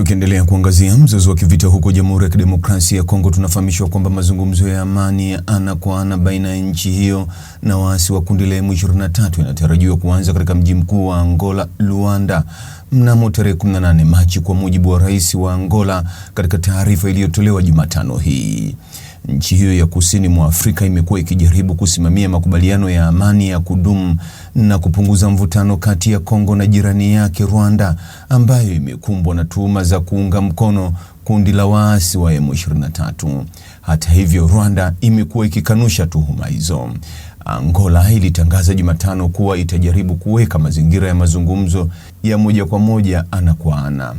Tukiendelea kuangazia mzozo wa kivita huko Jamhuri ya Kidemokrasia ya Kongo, tunafahamishwa kwamba mazungumzo ya amani ya ana kwa ana baina ya nchi hiyo na waasi wa kundi la M23 yanatarajiwa kuanza katika mji mkuu wa Angola, Luanda, mnamo tarehe 18 Machi, kwa mujibu wa Rais wa Angola katika taarifa iliyotolewa Jumatano hii nchi hiyo ya kusini mwa Afrika imekuwa ikijaribu kusimamia makubaliano ya amani ya kudumu na kupunguza mvutano kati ya Kongo na jirani yake Rwanda ambayo imekumbwa na tuhuma za kuunga mkono kundi la waasi wa M23. Hata hivyo, Rwanda imekuwa ikikanusha tuhuma hizo. Angola ilitangaza Jumatano kuwa itajaribu kuweka mazingira ya mazungumzo ya moja kwa moja ana kwa ana.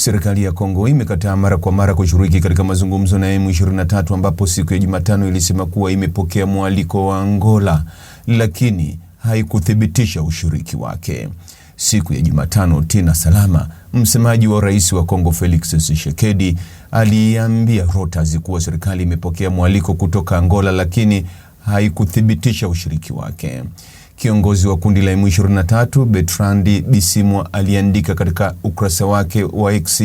Serikali ya Kongo imekataa mara kwa mara kushiriki katika mazungumzo na M23 ambapo siku ya Jumatano ilisema kuwa imepokea mwaliko wa Angola lakini haikuthibitisha ushiriki wake. Siku ya Jumatano, Tina Salama, msemaji wa Rais wa Kongo Felix Tshisekedi, aliambia Reuters kuwa serikali imepokea mwaliko kutoka Angola lakini haikuthibitisha ushiriki wake. Kiongozi wa kundi la M23 Bertrand Bisimwa aliandika katika ukurasa wake wa X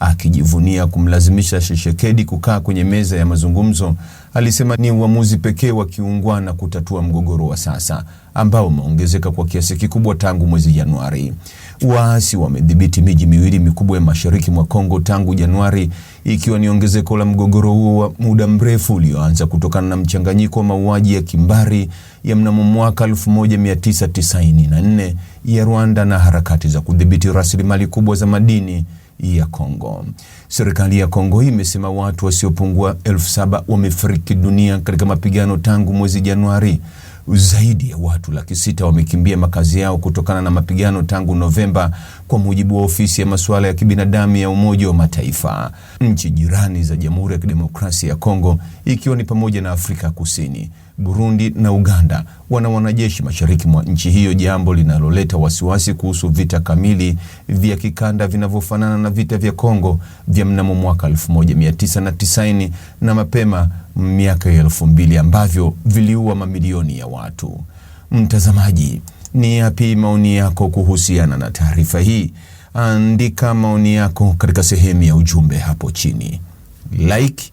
akijivunia kumlazimisha shishekedi kukaa kwenye meza ya mazungumzo, alisema ni uamuzi pekee wa kiungwana kutatua mgogoro wa sasa ambao umeongezeka kwa kiasi kikubwa tangu mwezi Januari. Waasi wamedhibiti miji miwili mikubwa ya mashariki mwa Kongo tangu Januari, ikiwa ni ongezeko la mgogoro huo wa muda mrefu ulioanza kutokana na mchanganyiko wa mauaji ya kimbari ya mnamo mwaka 1994 ya Rwanda na harakati za kudhibiti rasilimali kubwa za madini ya Kongo. Serikali ya Kongo imesema watu wasiopungua elfu saba wamefariki dunia katika mapigano tangu mwezi Januari. Zaidi ya watu laki sita wamekimbia makazi yao kutokana na mapigano tangu Novemba, kwa mujibu wa ofisi ya masuala ya kibinadamu ya Umoja wa Mataifa. Nchi jirani za Jamhuri ya Kidemokrasia ya Kongo ikiwa ni pamoja na Afrika Kusini, Burundi na Uganda wana wanajeshi mashariki mwa nchi hiyo, jambo linaloleta wasiwasi kuhusu vita kamili vya kikanda vinavyofanana na vita vya Kongo vya mnamo mwaka 1990 na mapema miaka ya 2000 ambavyo viliua mamilioni ya watu. Mtazamaji, ni yapi maoni yako kuhusiana na taarifa hii? Andika maoni yako katika sehemu ya ujumbe hapo chini. Like,